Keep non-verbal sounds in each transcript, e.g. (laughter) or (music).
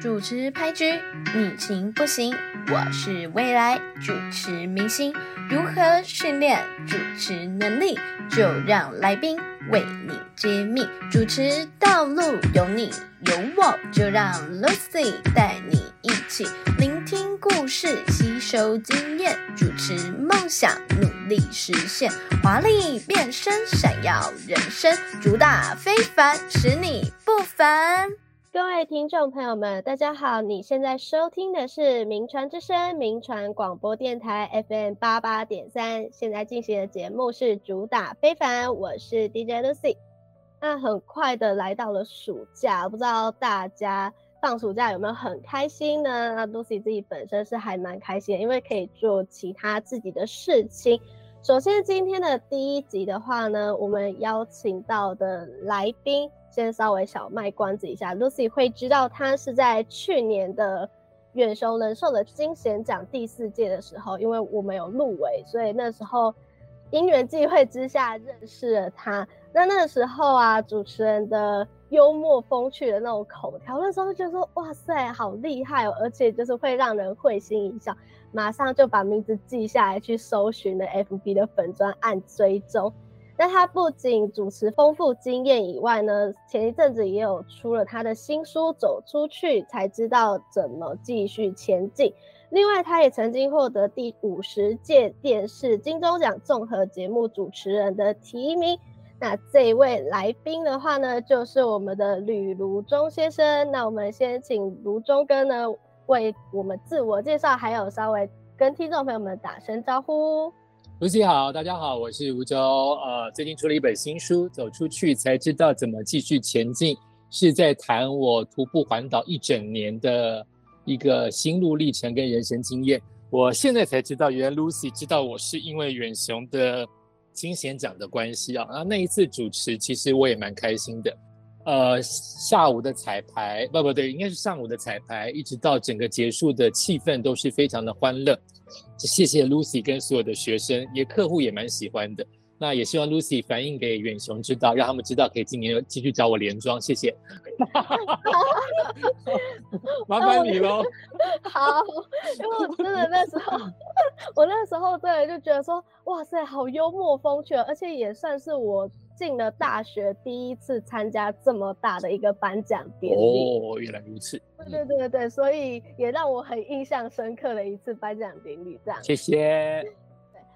主持拍局，你行不行？我是未來主持明星，如何訓練主持能力？就讓來賓為你揭秘。主持道路有你有我，就讓 Lucy 帶你一起聆聽故事，吸收經驗。主持夢想努力實現，華麗變身閃耀人生，主打非凡，使你不凡。各位聽眾朋友們，大家好！你現在收聽的是《名傳之聲》名傳廣播電台 FM 八八點三，現在進行的節目是主打非凡，我是 DJ Lucy。那很快的來到了暑假，不知道大家放暑假有沒有很開心呢？那 Lucy 自己本身是還蠻開心的，因為可以做其他自己的事情。首先，今天的第一集的話呢，我們邀請到的來賓。先稍微小賣關子一下，Lucy 會知道她是在去年的遠雄人壽的金賢獎第四屆的時候，因為我們有入圍，所以那時候因緣際會之下認識了她。那那時候啊，主持人的幽默風趣的那種口條，那時候就說哇塞，好厲害哦，而且就是會讓人會心一笑，馬上就把名字記下來，去搜尋了 FB 的粉專按追蹤。但他不僅主持豐富經驗以外呢，前一陣子也有出了他的新書《走出去才知道怎麼繼續前進》。另外，他也曾經獲得第五十屆電視金鐘獎綜合節目主持人的提名。那這一位來賓的話呢，就是我們的呂如中先生。那我們先請如中哥呢為我們自我介紹，還有稍微跟聽眾朋友們打聲招呼。Lucy 好，大家好，我是呂如中。呃，最近出了一本新書，《走出去才知道怎麼繼續前進》，是在談我徒步環島一整年的一個心路歷程跟人生經驗。我現在才知道，原來 Lucy 知道我是因為遠雄的金賢獎的關係啊。那那一次主持，其實我也蠻開心的。呃，下午的彩排不不不對，應該是上午的彩排，一直到整個結束的氣氛，都是非常的歡樂。謝謝 Lucy 跟所有的學生，也客戶也蠻喜歡的。那也希望 Lucy 反映給遠雄知道，讓他們知道可以今年繼續找我連裝。謝謝。好 (laughs) 麻煩你嘍。好，因為我真的那時候，我那時候真的就覺得說，哇塞，好幽默風趣，而且也算是我。進了大學，第一次參加這麼大的一個頒獎典禮。哦，原來如此。對對對對，所以也讓我很印象深刻的一次頒獎典禮，這樣。謝謝。對，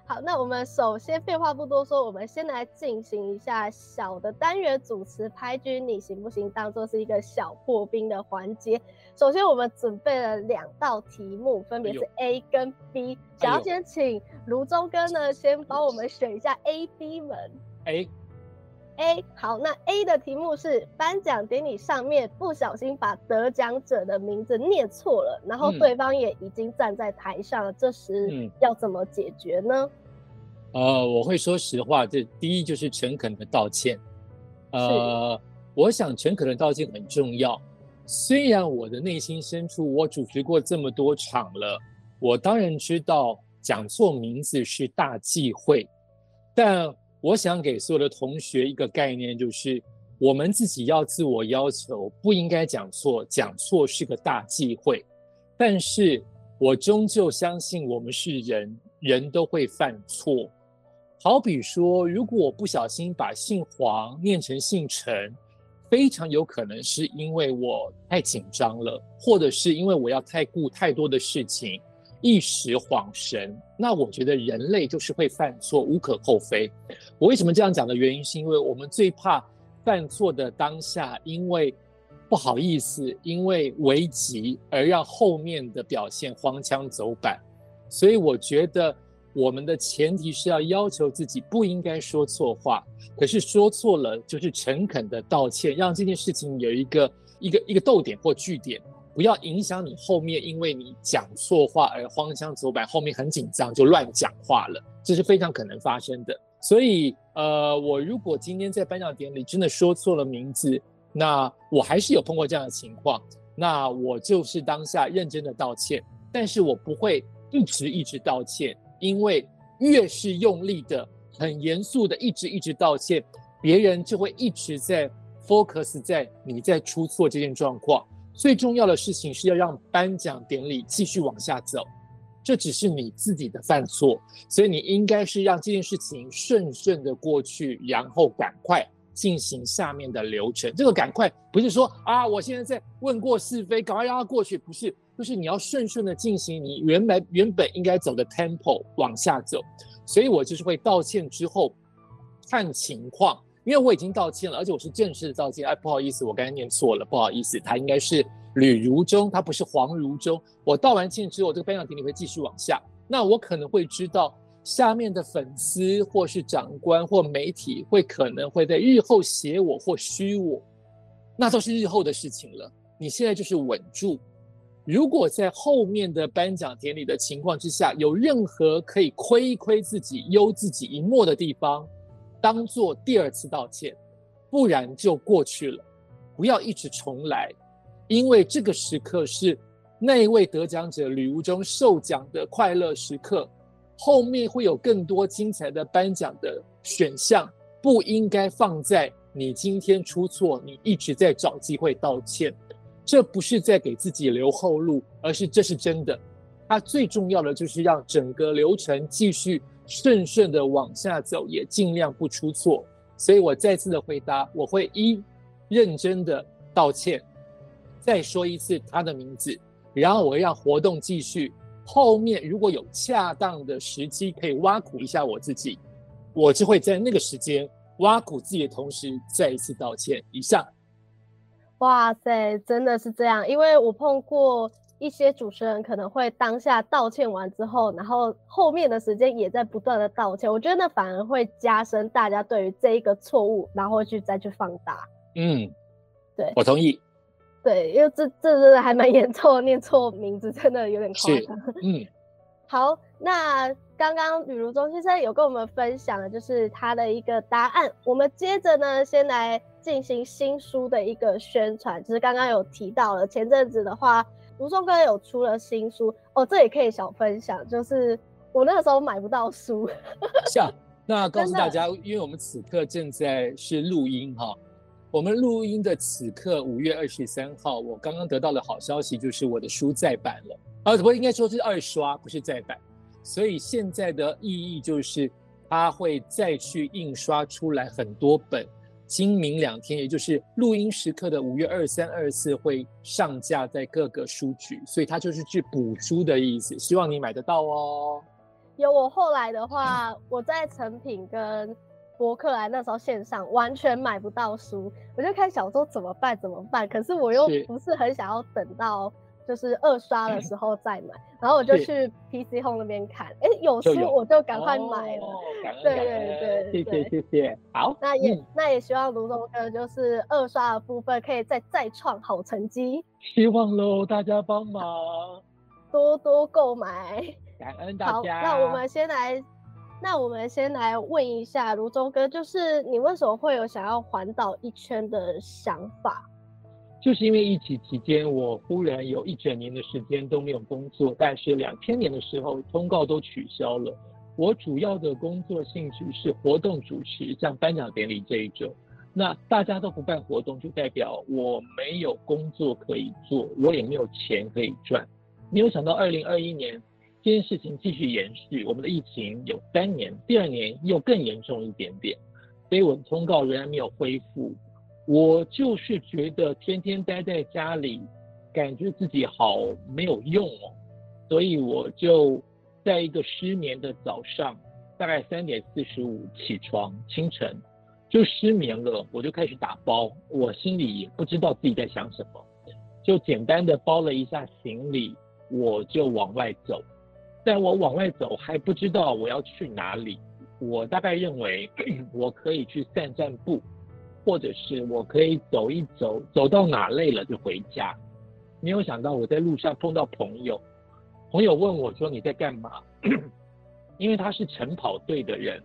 好，那我們首先廢話不多說，我們先來進行一下小的單元主持拍君，你行不行？當做是一個小破冰的環節。首先我們準備了兩道題目，分別是 A 跟 B、哎呦。想要先請如中哥呢，哎、呦先幫我們選一下 A、B 門、哎。A A 好，那 A 的題目是頒獎典禮上面不小心把得獎者的名字念錯了，然後對方也已經站在台上了。嗯，這時要怎麼解決呢？呃，我會說實話，這第一就是誠懇的道歉。呃，是我想誠懇的道歉很重要。雖然我的內心深處，我主持過這麼多場了，我當然知道講錯名字是大忌諱，但。我想給所有的同學一個概念，就是我們自己要自我要求，不應該講錯，講錯是個大忌諱。但是我終究相信，我們是人，人都會犯錯。好比說，如果我不小心把姓黃念成姓陳，非常有可能是因為我太緊張了，或者是因為我要太顧太多的事情。一時恍神，那我覺得人類就是會犯錯，無可厚非。我為什麼這樣講的原因，是因為我們最怕犯錯的當下，因為不好意思，因為危急，而讓後面的表現荒腔走板。所以我覺得我們的前提是要要求自己不應該說錯話，可是說錯了就是誠懇的道歉，讓這件事情有一個一個一個逗點或句點。不要影響你後面，因為你講錯話而荒腔走板，後面很緊張就亂講話了，這是非常可能發生的。所以，呃，我如果今天在頒獎典禮真的說錯了名字，那我還是有碰過這樣的情況，那我就是當下認真的道歉，但是我不會一直一直道歉，因為越是用力的、很嚴肅的一直一直道歉，別人就會一直在 focus 在你在出錯這件狀況。最重要的事情是要讓頒獎典禮繼續往下走，這只是你自己的犯錯，所以你應該是讓這件事情順順的過去，然後趕快進行下面的流程。這個“趕快”不是說啊，我現在在問過是非，趕快讓它過去，不是，就是你要順順的進行你原來原本應該走的 tempo 往下走。所以我就是會道歉之後看情況。因為我已經道歉了，而且我是正式的道歉。哎，不好意思，我剛才念錯了，不好意思。他應該是呂如中，他不是黃如中。我道完歉之後，這個頒獎典禮會繼續往下。那我可能會知道下面的粉絲或是長官或媒體會可能會在日後寫我或虛我，那都是日後的事情了。你現在就是穩住。如果在後面的頒獎典禮的情況之下，有任何可以虧一虧自己、幽自己一默的地方。當做第二次道歉，不然就過去了，不要一直重來，因為這個時刻是那一位得獎者呂如中受獎的快樂時刻，後面會有更多精彩的頒獎的選項，不應該放在你今天出錯，你一直在找機會道歉，這不是在給自己留後路，而是這是真的，它最重要的就是讓整個流程繼續。順順的往下走，也盡量不出錯。所以我再次的回答，我會一認真的道歉，再說一次他的名字，然後我讓活動繼續。後面如果有恰當的時機，可以挖苦一下我自己，我就會在那個時間挖苦自己的同時，再一次道歉。以上。哇塞，真的是這樣，因為我碰過。一些主持人可能會當下道歉完之後，然後後面的時間也在不斷的道歉，我覺得那反而會加深大家對於這一個錯誤，然後去再去放大。嗯，對，我同意。對，因為這這真的還蠻嚴重的，念錯名字真的有點誇張。嗯，好，那剛剛呂如中先生有跟我們分享的就是他的一個答案。我們接着呢，先來進行新書的一個宣傳，就是剛剛有提到了前陣子的話。如中哥有出了新書哦，這也可以小分享。就是我那個時候買不到書，那告訴大家，的因為我們此刻正在是錄音哈、哦，我們錄音的此刻五月二十三號，我剛剛得到的好消息就是我的書再版了啊，不過應該說是二刷，不是再版，所以現在的意義就是它會再去印刷出來很多本。今明兩天，也就是錄音時刻的五月二三、二四會上架在各個書局，所以它就是去補書的意思。希望你買得到哦。有我後來的話，我在誠品跟博客來那時候線上完全買不到書，我就開始想說怎麼辦怎麼辦？可是我又不是很想要等到。就是二刷的時候再買，欸、然後我就去 PC Home 那邊看，哎是、欸，有書我就趕快買了，oh, 對對對，謝謝對謝、謝、謝謝，好，那也、嗯、那也希望如中哥就是二刷的部分可以再再創好成績，希望嘍，大家幫忙多多購買，感恩大家。好，那我們先來，那我們先來問一下如中哥，就是你為什麼會有想要環島一圈的想法？就是因為疫情期間，我忽然有一整年的時間都沒有工作。但是兩千年的時候，通告都取消了。我主要的工作性質是活動主持，像頒獎典禮這一種。那大家都不辦活動，就代表我沒有工作可以做，我也沒有錢可以賺。沒有想到二零二一年，這件事情繼續延續，我們的疫情有三年，第二年又更嚴重一點點，所以我的通告仍然沒有恢復。我就是覺得天天待在家裡，感覺自己好沒有用哦，所以我就在一個失眠的早上，大概三點四十五起床，清晨就失眠了，我就開始打包，我心裡也不知道自己在想什麼，就簡單的包了一下行李，我就往外走，但我往外走還不知道我要去哪裡，我大概認為 (coughs) 我可以去散散步。或者是我可以走一走，走到哪累了就回家。沒有想到我在路上碰到朋友，朋友問我說，你在幹嘛？ (coughs) 因為他是晨跑隊的人，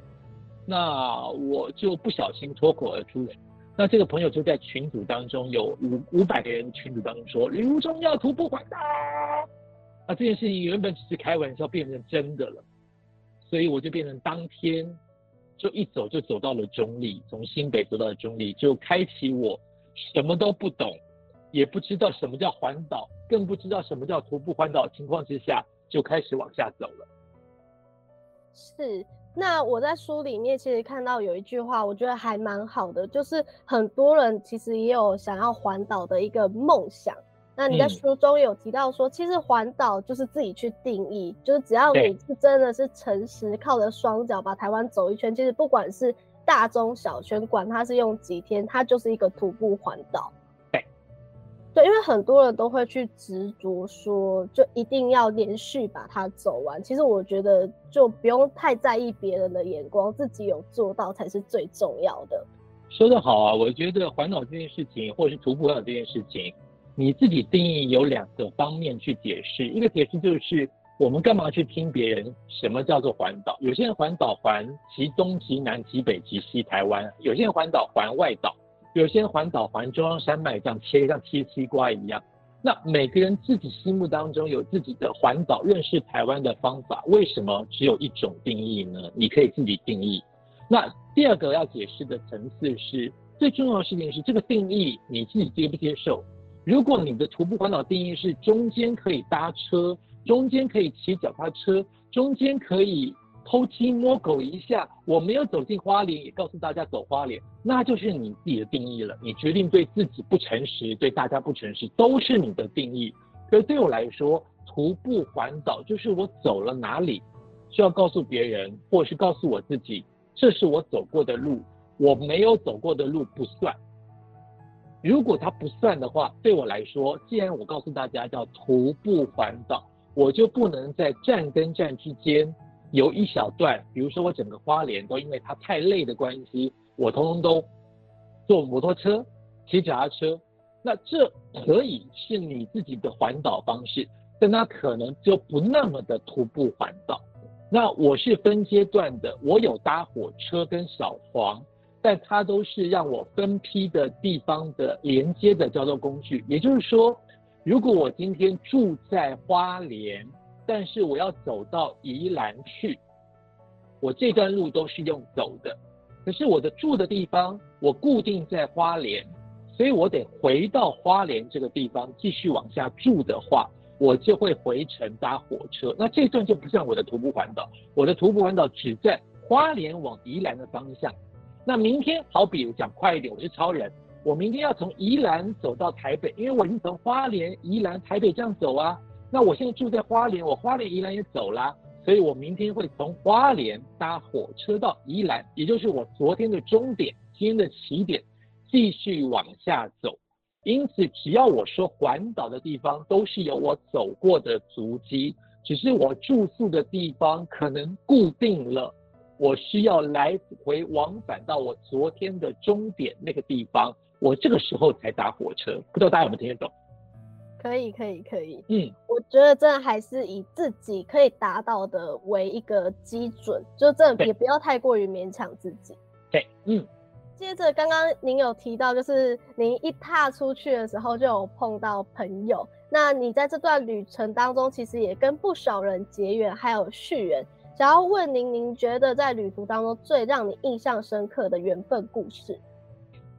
那我就不小心脫口而出了。那這個朋友就在群組當中有五五百個人群組當中說，呂如中要徒步環島。那、啊、這件事情原本只是開玩笑，變成真的了，所以我就變成當天。就一走就走到了中壢。從新北走到了中壢，就開啟我什麼都不懂，也不知道什麼叫環島，更不知道什麼叫徒步環島的，情況之下就開始往下走了。是，那我在書裡面其實看到有一句話，我覺得還蠻好的，就是很多人其實也有想要環島的一個夢想。那你在書中有提到說，嗯、其實環島就是自己去定義，就是只要你是真的是誠實，對靠着雙腳把台灣走一圈，其實不管是大中小圈管，管它是用幾天，它就是一個徒步環島。對，對，因為很多人都會去執着說，就一定要連續把它走完。其實我覺得就不用太在意別人的眼光，自己有做到才是最重要的。說得好啊，我覺得環島這件事情，或者是徒步環島這件事情，你自己定義有兩個方面去解釋，一個解釋就是我們幹嘛去聽別人什麼叫做環島？有些人環島環極東、極南、極北、極西台灣，有些人環島環外島，有些人環島環中央山脈，像切像切西瓜一樣。那每個人自己心目當中有自己的環島認識台灣的方法，為什麼只有一種定義呢？你可以自己定義。那第二個要解釋的層次是最重要的事情是這個定義你自己接不接受？如果你的徒步環島定義是中間可以搭車，中間可以騎腳踏車，中間可以偷雞摸狗一下，我沒有走進花蓮也告訴大家走花蓮，那就是你自己的定義了。你決定對自己不誠實，對大家不誠實，都是你的定義。可對我來說，徒步環島就是我走了哪裡，需要告訴別人或是告訴我自己，這是我走過的路，我沒有走過的路不算。如果它不算的話，對我來說，既然我告訴大家叫徒步環島，我就不能在站跟站之間有一小段。比如說我整個花蓮都因為它太累的關係，我通通都坐摩托車、騎腳踏車。那這可以是你自己的環島方式，但它可能就不那麼的徒步環島。那我是分階段的，我有搭火車跟小黃。但它都是讓我分批的地方的連接的交通工具，也就是說，如果我今天住在花蓮，但是我要走到宜蘭去，我這段路都是用走的，可是我的住的地方我固定在花蓮，所以我得回到花蓮這個地方繼續往下住的話，我就會回程搭火車。那這段就不像我的徒步環島，我的徒步環島只在花蓮往宜蘭的方向。那明天好比，我講快一點，我是超人，我明天要從宜蘭走到台北，因為我已經從花蓮、宜蘭、台北這樣走啊。那我現在住在花蓮，我花蓮、宜蘭也走啦，所以我明天會從花蓮搭火車到宜蘭，也就是我昨天的終點，今天的起點，繼續往下走。因此，只要我說環島的地方，都是有我走過的足跡，只是我住宿的地方可能固定了。我需要來回往返到我昨天的終點那個地方，我這個時候才搭火車。不知道大家有沒有聽得懂？可以，可以，可以。嗯，我覺得這還是以自己可以達到的為一個基準，就這也不要太過於勉強自己。對，對，嗯。接着剛剛您有提到，就是您一踏出去的時候就有碰到朋友，那你在這段旅程當中，其實也跟不少人結緣，還有續緣。想要問您，您覺得在旅途當中最讓你印象深刻的緣分故事？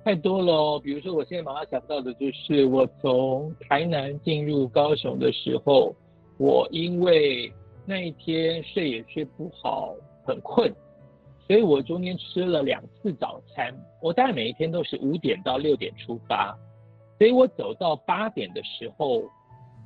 太多了哦，比如說我現在馬上想到的就是我從台南進入高雄的時候，我因為那一天睡也睡不好，很困，所以我中間吃了兩次早餐。我大概每一天都是五點到六點出發，所以我走到八點的時候，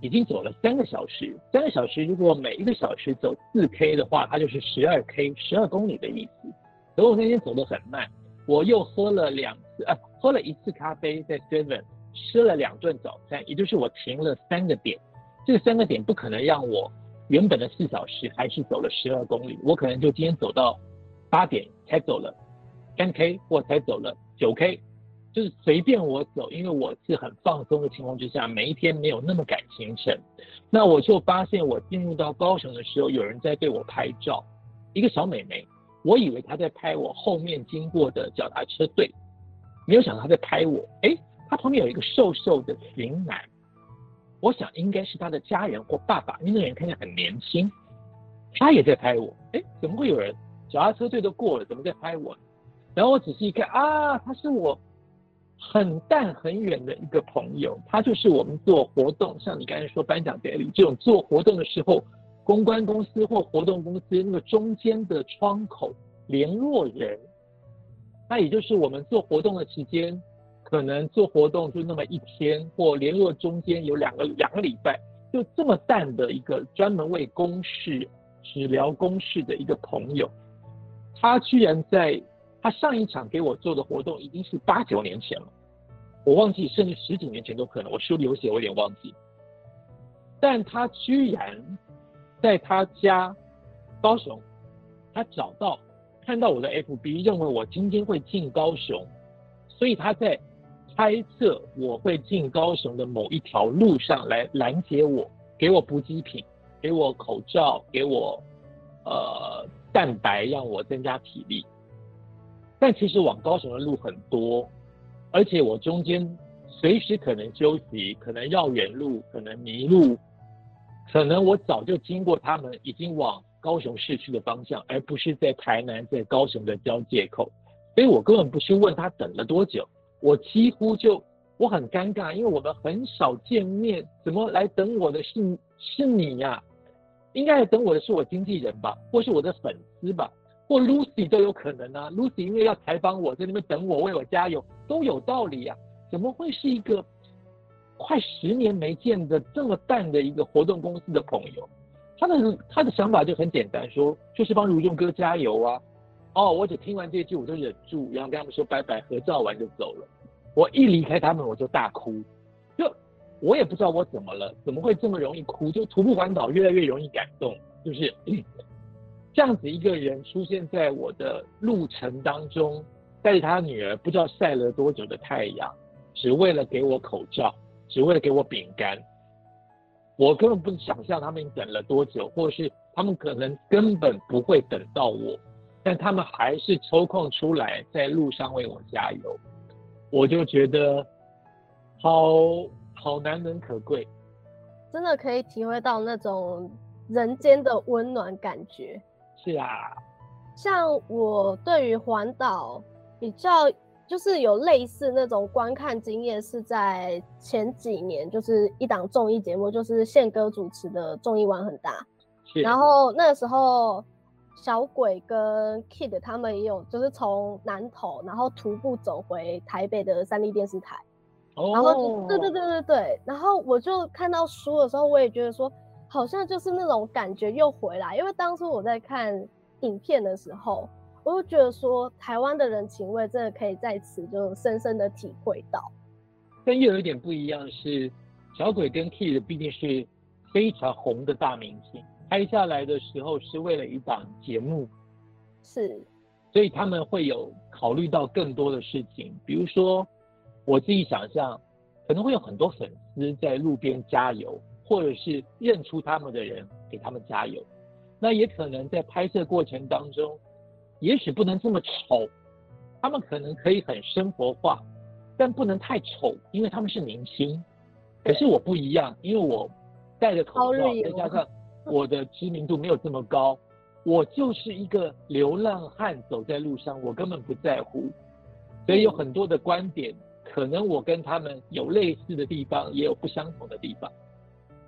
已經走了三個小時，三個小時如果每一個小時走四 k 的話，它就是十二 k，十二公里的意思。所以我那天走得很慢，我又喝了兩次啊，喝了一次咖啡，在 seven 吃了兩頓早餐，也就是我停了三個點。這三個點不可能讓我原本的四小時還是走了十二公里，我可能就今天走到八點才走了三 k，或才走了九 k。就是隨便我走，因為我是很放鬆的情況之下，每一天沒有那麼趕行程，那我就發現我進入到高雄的時候，有人在對我拍照，一個小美眉，我以為她在拍我後面經過的腳踏車隊，沒有想到她在拍我，哎、欸，她旁邊有一個瘦瘦的型男，我想應該是他的家人或爸爸，因為那個人看起來很年輕，他也在拍我，哎、欸，怎麼會有人腳踏車隊都過了，怎麼在拍我呢？然後我仔細一看，啊，他是我很淡很遠的一個朋友，他就是我們做活動，像你剛才說頒獎典禮這種做活動的時候，公關公司或活動公司那個中間的窗口聯絡人，那也就是我們做活動的時間，可能做活動就那麼一天，或聯絡中間有兩個兩個兩禮拜，就這麼淡的一個專門為公事只聊公事的一個朋友，他居然在。他上一場給我做的活動已經是八九年前了，我忘記，甚至十幾年前都可能。我書裡有寫，我有點忘記。但他居然在他家高雄，他找到，看到我的 FB，認為我今天會進高雄，所以他在猜測我會進高雄的某一條路上來攔截我，給我補給品，給我口罩，給我，呃，蛋白，讓我增加體力。但其實往高雄的路很多，而且我中間隨時可能休息，可能繞遠路，可能迷路，可能我早就經過他們已經往高雄市區的方向，而不是在台南在高雄的交界口。所以我根本不去問他等了多久，我幾乎就我很尷尬，因為我們很少見面，怎麼來等我的是是你呀？啊？應該等我的是我經紀人吧，或是我的粉絲吧？或 Lucy 都有可能啊，Lucy 因為要採訪我在那邊等我，為我加油，都有道理啊，怎麼會是一個快十年沒見的這麼淡的一個活動公司的朋友？他的他的想法就很簡單說，說就是幫如中哥加油啊。哦，我只聽完這句我就忍住，然後跟他們說拜拜，合照完就走了。我一離開他們我就大哭，就我也不知道我怎麼了，怎麼會這麼容易哭？就徒步環島越來越容易感動，就是。嗯這樣子一個人出現在我的路程當中，帶着他女兒，不知道曬了多久的太陽，只為了給我口罩，只為了給我餅乾。我根本不想象他們等了多久，或是他們可能根本不會等到我，但他們還是抽空出來在路上為我加油。我就覺得好好難能可貴，真的可以體會到那種人間的溫暖感覺。是啊，像我對於環島比較就是有類似那種觀看經驗，是在前幾年，就是一檔綜藝節目，就是憲哥主持的《綜藝玩很大》啊，然後那個時候小鬼跟 Kid 他們也有，就是從南投然後徒步走回台北的三立電視台，哦，然後對對對對對，然後我就看到書的時候，我也覺得說，好像就是那種感覺又回來，因為當初我在看影片的時候，我就覺得說，台灣的人情味真的可以在此就深深的體會到。但又有一點不一樣是，小鬼跟 Kid 畢竟是非常紅的大明星，拍下來的時候是為了一檔節目，是，所以他們會有考慮到更多的事情，比如說我自己想象，可能會有很多粉絲在路邊加油。或者是認出他們的人給他們加油，那也可能在拍攝過程當中，也許不能這麼醜，他們可能可以很生活化，但不能太醜，因為他們是明星。可是我不一樣，對因為我戴着口罩，再加上我的知名度沒有這麼高， (laughs) 我就是一個流浪漢走在路上，我根本不在乎。所以有很多的觀點，可能我跟他們有類似的地方，也有不相同的地方。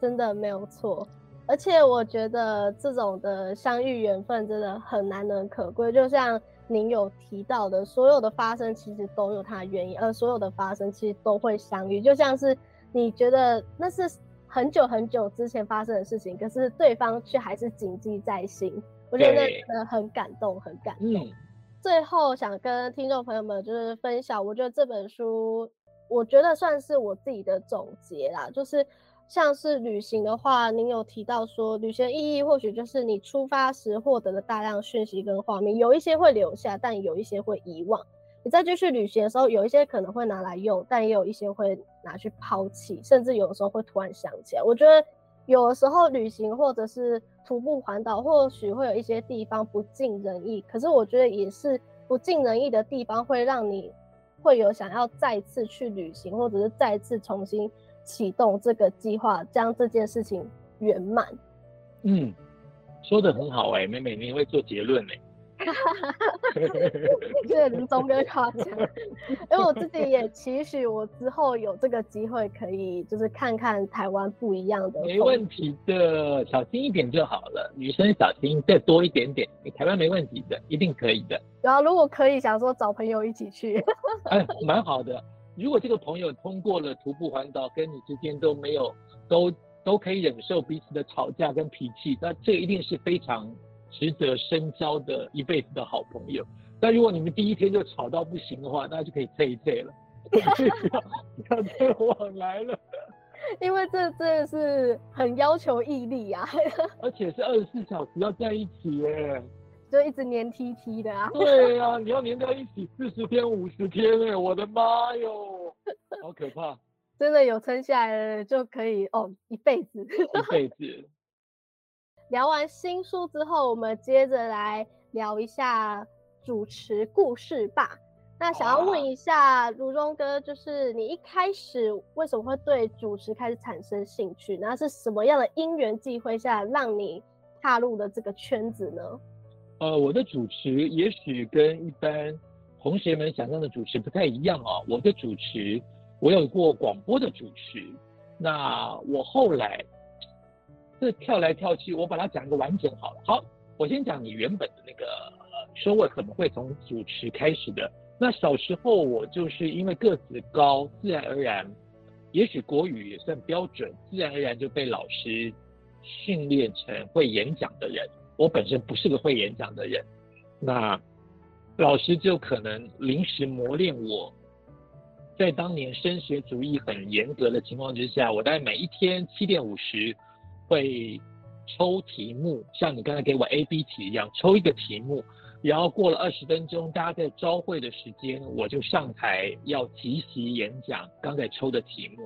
真的沒有錯，而且我覺得這種的相遇緣分真的很難能可貴。就像您有提到的，所有的發生其實都有它的原因，而所有的發生其實都會相遇。就像是你覺得那是很久很久之前發生的事情，可是對方卻還是謹記在心。我覺得那真的很感動，很感動。對 最後想跟聽眾朋友們就是分享，我覺得這本書，我覺得算是我自己的總結啦，就是。像是旅行的話，您有提到說，旅行的意義或許就是你出發時獲得的大量的訊息跟畫面，有一些會留下，但有一些會遺忘。你再繼續旅行的時候，有一些可能會拿來用，但也有一些會拿去拋棄，甚至有的時候會突然想起來。我覺得有的時候旅行或者是徒步環島，或許會有一些地方不盡人意，可是我覺得也是不盡人意的地方，會讓你會有想要再次去旅行，或者是再次重新。啟動這個計劃，將這件事情圓滿。嗯，說得很好哎、欸，妹妹，你會做結論哎、欸。哈哈，林宗哥誇獎。因為我自己也期許，我之後有這個機會，可以就是看看台灣不一樣的。沒問題的，小心一點就好了。女生小心再多一點點，你台灣沒問題的，一定可以的。然後如果可以，想說找朋友一起去。 (laughs) 哎，蠻好的。如果這個朋友通過了徒步環島，跟你之間都沒有都都可以忍受彼此的吵架跟脾氣，那這一定是非常值得深交的一輩子的好朋友。那如果你們第一天就吵到不行的話，那就可以退一退了，不要往來了。因為這這是很要求毅力啊， (laughs) 而且是二十四小時要在一起耶。就一直黏 T T 的啊！對啊，你要黏在一起四十天、五十天哎、欸，我的媽喲，好可怕！ (laughs) 真的有撐下來的就可以哦，一輩子一輩子。 (laughs) 一輩子。聊完新書之後，我們接着來聊一下主持故事吧。那想要問一下如中哥，就是你一開始為什麼會對主持開始產生興趣？那是什麼樣的因緣際會下，讓你踏入了這個圈子呢？呃，我的主持也許跟一般同學們想象的主持不太一樣哦，我的主持，我有過廣播的主持，那我後來這跳來跳去，我把它講一個完整好了。好，我先講你原本的那個呃 show 怎麼會從主持開始的？那小時候我就是因為個子高，自然而然，也許國語也算標準，自然而然就被老師訓練成會演講的人。我本身不是個會演講的人，那老師就可能臨時磨練我。在當年升學主義很嚴格的情況之下，我在每一天七點五十會抽題目，像你剛才給我 A、B 題一樣，抽一個題目，然後過了二十分鐘，大家在朝會的時間，我就上台要即席演講剛才抽的題目，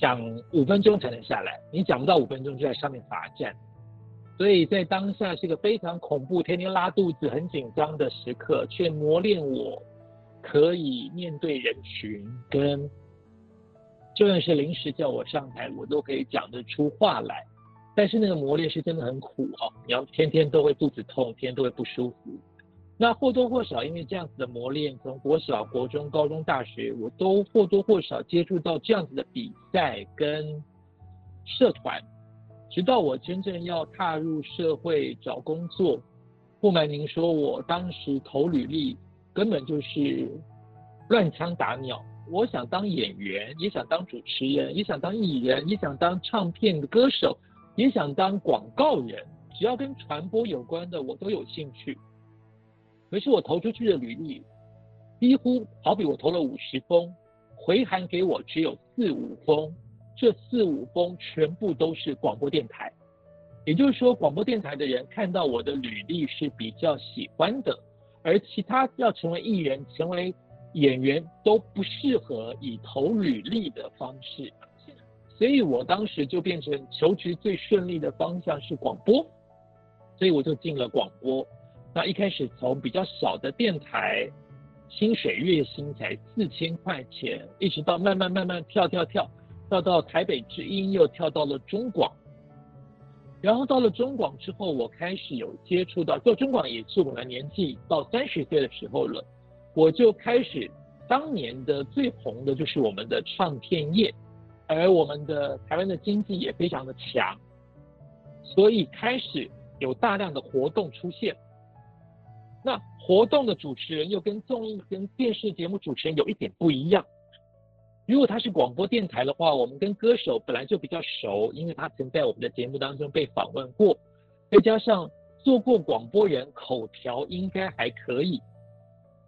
講五分鐘才能下來，你講不到五分鐘就在上面罰站。所以在當下是個非常恐怖、天天拉肚子、很緊張的時刻，卻磨練我可以面對人群，跟就算是臨時叫我上台，我都可以講得出話來。但是那個磨練是真的很苦哦，你要天天都會肚子痛，天天都會不舒服。那或多或少因為這樣子的磨練，從國小、國中、高中、大學，我都或多或少接觸到這樣子的比賽跟社團。直到我真正要踏入社會找工作，不瞞您說我，我當時投履歷根本就是亂槍打鳥。我想當演員，也想當主持人，也想當藝人，也想當唱片歌手，也想當廣告人，只要跟傳播有關的，我都有興趣。可是我投出去的履歷，幾乎好比我投了五十封，回函給我只有四五封。這四五封全部都是廣播電台，也就是說，廣播電台的人看到我的履歷是比較喜歡的，而其他要成為藝人、成為演員都不適合以投履歷的方式，所以我當時就變成求職最順利的方向是廣播，所以我就進了廣播。那一開始從比較小的電台，薪水月薪才四千塊錢，一直到慢慢慢慢跳跳跳。跳到台北之音，又跳到了中廣，然後到了中廣之後，我開始有接觸到。做中廣也是我的年紀到三十歲的時候了，我就開始當年的最紅的就是我們的唱片業，而我們的台灣的經濟也非常的強，所以開始有大量的活動出現。那活動的主持人又跟綜藝跟電視節目主持人有一點不一樣。如果他是廣播電台的話，我們跟歌手本來就比較熟，因為他曾在我們的節目當中被訪問過，再加上做過廣播人口條應該還可以，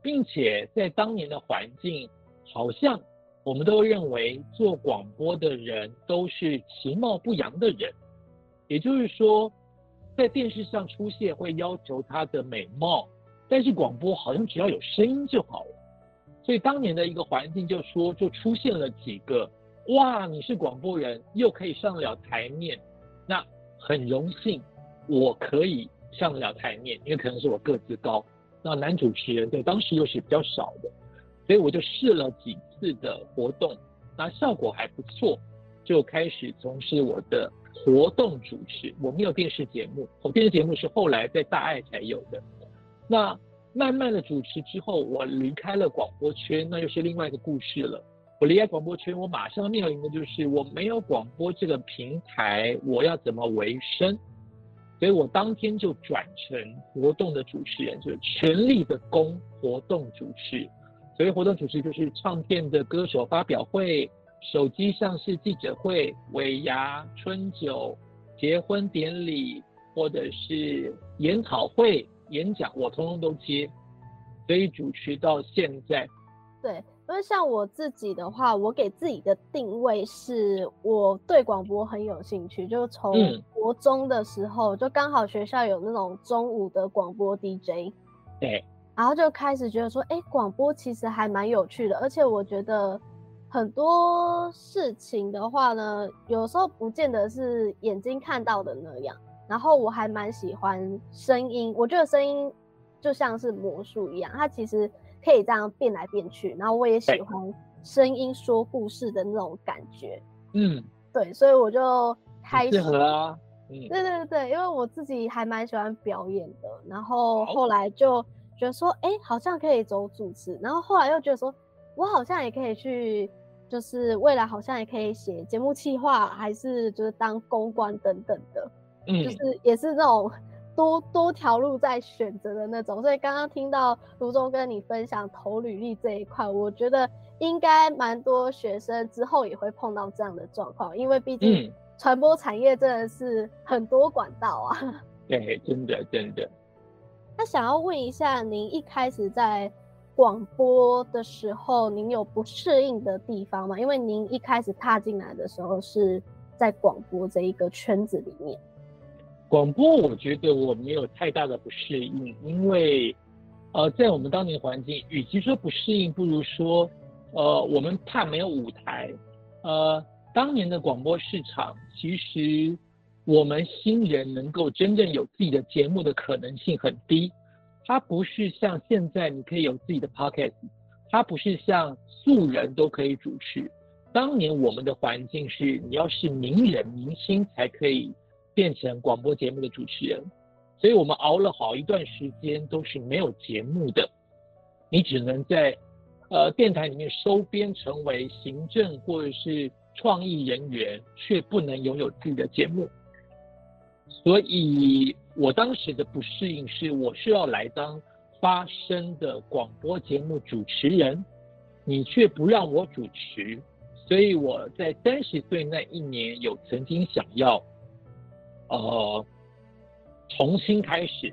並且在當年的環境，好像我們都認為做廣播的人都是其貌不揚的人，也就是說，在電視上出現會要求他的美貌，但是廣播好像只要有聲音就好了。所以當年的一個環境就說，就出現了幾個哇，你是廣播人又可以上得了台面，那很榮幸我可以上得了台面，因為可能是我個子高，那男主持人就當時又是比較少的，所以我就試了幾次的活動，那效果還不錯，就開始從事我的活動主持。我沒有電視節目，我電視節目是後來在大愛才有的。那。慢慢的主持之後，我離開了廣播圈，那又是另外一個故事了。我離開廣播圈，我馬上面臨的就是我沒有廣播這個平台，我要怎麼維生？所以我當天就轉成活動的主持人，就是全力的攻活動主持。所謂活動主持，就是唱片的歌手發表會、手機上市記者會、尾牙、春酒、結婚典禮，或者是研討會。演講我通通都接，所以主持到現在。對，因為像我自己的話，我給自己的定位是我對廣播很有興趣，就從國中的時候，嗯、就剛好學校有那種中午的廣播 DJ。對。然後就開始覺得說，哎，廣播其實還蠻有趣的，而且我覺得很多事情的話呢，有時候不見得是眼睛看到的那樣。然後我還蠻喜歡聲音，我覺得聲音就像是魔術一樣，它其實可以這樣變來變去。然後我也喜歡聲音說故事的那種感覺。嗯，對，所以我就開始啊，對、嗯、對對對，因為我自己還蠻喜歡表演的。然後後來就覺得說，哎，好像可以走主持。然後後來又覺得說我好像也可以去，就是未來好像也可以寫節目企劃，還是就是當公關等等的。嗯，就是也是那種多多條路在選擇的那種，所以剛剛聽到如中跟你分享投履歷這一塊，我覺得應該蠻多學生之後也會碰到這樣的狀況，因為畢竟傳播產業真的是很多管道啊。對，真的真的。那想要問一下，您一開始在廣播的時候，您有不適應的地方嗎？因為您一開始踏進來的時候是在廣播這一個圈子裡面。廣播，我覺得我沒有太大的不適應，因為，呃，在我們當年的環境，與其說不適應，不如說，呃，我們怕沒有舞台。呃，當年的廣播市場，其實我們新人能夠真正有自己的節目的可能性很低，它不是像現在你可以有自己的 podcast，它不是像素人都可以主持。當年我們的環境是，你要是名人明星才可以。.變成廣播節目的主持人，所以我們熬了好一段時間都是沒有節目的。你只能在呃電台裡面收編成為行政或者是創意人員，卻不能擁有，有自己的節目。所以我當時的不適應是，我需要來當發聲的廣播節目主持人，你卻不讓我主持。所以我在三十歲那一年有曾經想要。呃，重新開始，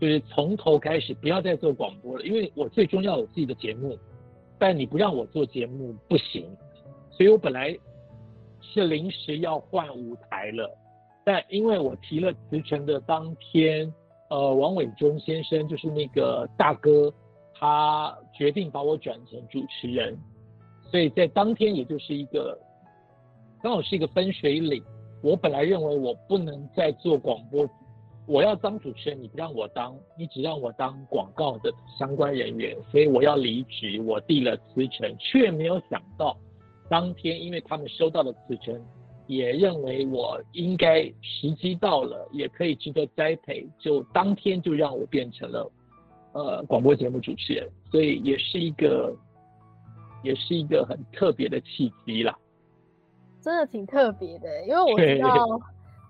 就是從頭開始，不要再做廣播了，因為我最終要有自己的節目，但你不讓我做節目不行，所以我本來是臨時要換舞台了，但因為我提了辭呈的當天，呃，王偉忠先生就是那個大哥，他決定把我轉成主持人，所以在當天也就是一個，剛好是一個分水嶺。我本來認為我不能再做廣播，我要當主持人，你不讓我當，你只讓我當廣告的相關人員，所以我要離職，我遞了辭呈，卻沒有想到，當天因為他們收到了辭呈，也認為我應該時機到了，也可以值得栽培，就當天就讓我變成了，呃，廣播節目主持人，所以也是一個，也是一個很特別的契機啦。真的挺特別的，因為我知道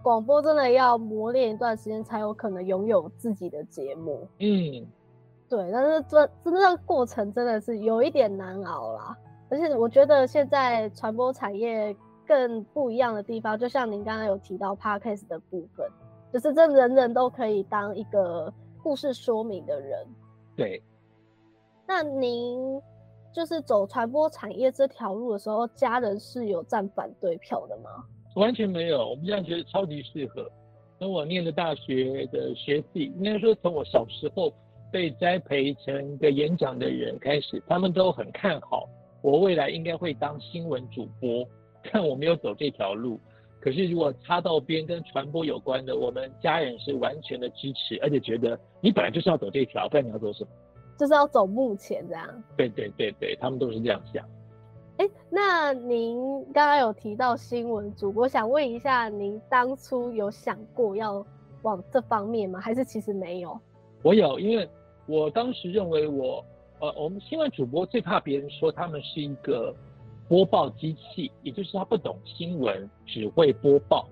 廣播，真的要磨練一段時間才有可能擁有自己的節目。嗯，對，但是這真的這個過程真的是有一點難熬啦。而且我覺得現在傳播產業更不一樣的地方，就像您剛剛有提到 Podcast 的部分，就是這人人都可以當一個故事說明的人。對，那您。就是走傳播產業這條路的時候，家人是有站反對票的嗎？完全沒有，我們現在覺得超級適合。那我念的大學的學弟，應該說從我小時候被栽培成一個演講的人開始，他們都很看好我未來應該會當新聞主播，但我沒有走這條路。可是如果擦到邊跟傳播有關的，我們家人是完全的支持，而且覺得你本來就是要走這條，不然你要走什麼？就是要走幕前這樣，對對對對，他們都是這樣想。哎，那您剛剛有提到新聞主播，我想問一下，您當初有想過要往這方面嗎？還是其實沒有？我有，因為我當時認為我，呃，我們新聞主播最怕別人說他們是一個播報機器，也就是他不懂新聞，只會播報。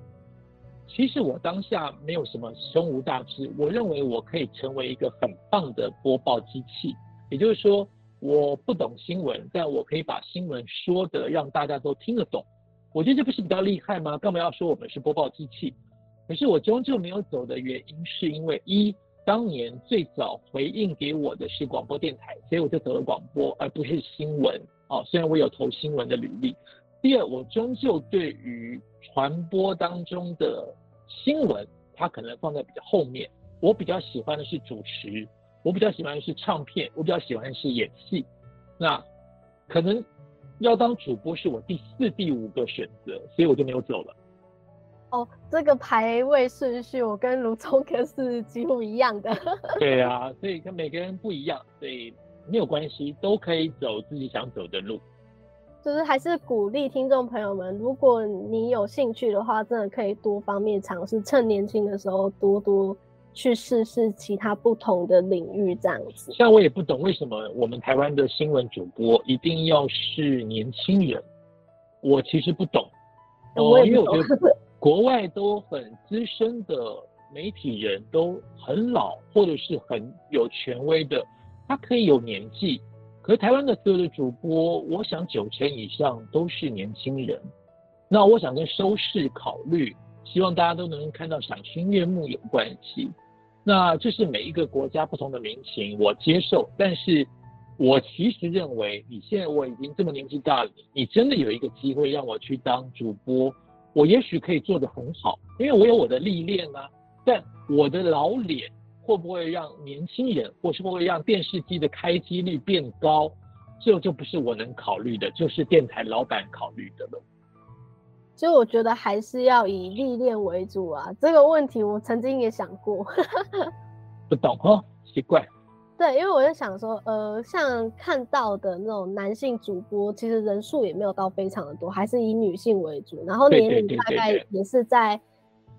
其實我當下沒有什麼胸無大志，我認為我可以成為一個很棒的播報機器，也就是說我不懂新聞，但我可以把新聞說得讓大家都聽得懂，我覺得這不是比較厲害嗎？幹嘛要說我們是播報機器？可是我終究沒有走的原因是因為一當年最早回應給我的是廣播電台，所以我就走了廣播，而不是新聞。哦，雖然我有投新聞的履歷。第二，我終究對於傳播當中的新聞，它可能放在比較後面。我比較喜歡的是主持，我比較喜歡的是唱片，我比較喜歡的是演戲。那可能要當主播是我第四、第五個選擇，所以我就沒有走了。哦，這個排位順序我跟盧聰哥是幾乎一樣的。 (laughs) 對啊，所以跟每個人不一樣，所以沒有關係，都可以走自己想走的路。就是還是鼓勵聽眾朋友們，如果你有興趣的話，真的可以多方面嘗試，趁年輕的時候多多去試試其他不同的領域，這樣子。像我也不懂為什麼我們台灣的新聞主播一定要是年輕人，我其實不懂。嗯，哦，因為我覺得國外都很資深的媒體人都很老，或者是很有權威的，他可以有年紀。和台灣的所有的主播，我想九成以上都是年輕人。那我想跟收視考慮，希望大家都能看到賞心悅目有關係。那這是每一個國家不同的民情，我接受。但是我其實認為，你現在我已經這麼年紀大了，你真的有一個機會讓我去當主播，我也許可以做得很好，因為我有我的歷練啊。但我的老臉。會不會讓年輕人，或是會讓電視機的開機率變高？這就不是我能考慮的，就是電台老闆考慮的了。所以我覺得還是要以歷練為主啊。這個問題我曾經也想過， (laughs) 不懂哦。奇怪。對，因為我就想說，呃，像看到的那種男性主播，其實人數也沒有到非常的多，還是以女性為主，然後年齡大概也是在。對對對對對。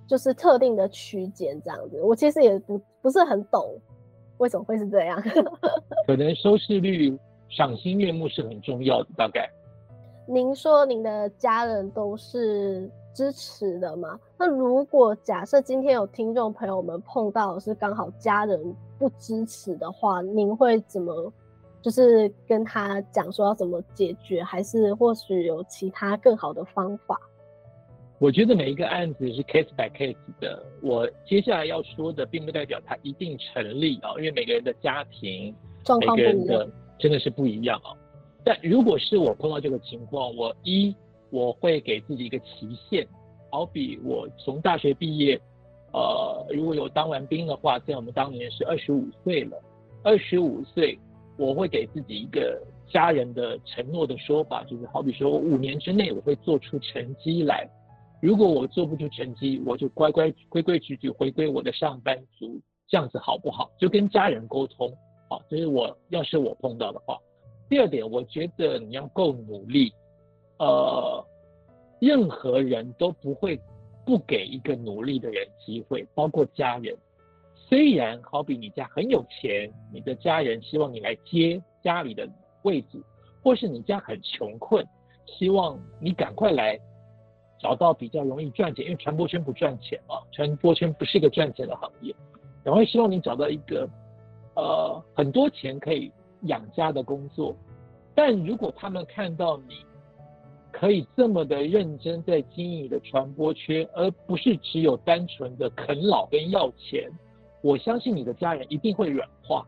就是特定的區間這樣子，我其實也不不是很懂，為什麼會是這樣 (laughs) ？可能收視率、賞心悅目是很重要的。大概，您說您的家人都是支持的嗎？那如果假設今天有聽眾朋友們碰到是剛好家人不支持的話，您會怎麼就是跟他講說要怎麼解決？還是或許有其他更好的方法？我覺得每一個案子是 case by case 的。我接下來要說的，並不代表它一定成立啊、哦，因為每個人的家庭、狀況不一樣，每個人的真的是不一樣啊、哦。但如果是我碰到這個情況，我一我會給自己一個期限，好比我從大學畢業，呃，如果有當完兵的話，像我們當年是二十五歲了，二十五歲，我會給自己一個家人的承諾的說法，就是好比說我五年之內我會做出成績來。如果我做不出成績，我就乖乖規規矩矩回歸我的上班族，這樣子好不好？就跟家人溝通，好，這是我要是我碰到的話。第二點，我覺得你要夠努力，呃，任何人都不會不給一個努力的人機會，包括家人。雖然好比你家很有錢，你的家人希望你來接家裡的位置，或是你家很窮困，希望你趕快來。找到比較容易賺錢，因為傳播圈不賺錢嘛，傳播圈不是一個賺錢的行業。然後希望你找到一個，呃，很多錢可以養家的工作。但如果他們看到你可以這麼的認真在經營你的傳播圈，而不是只有單純的啃老跟要錢，我相信你的家人一定會軟化。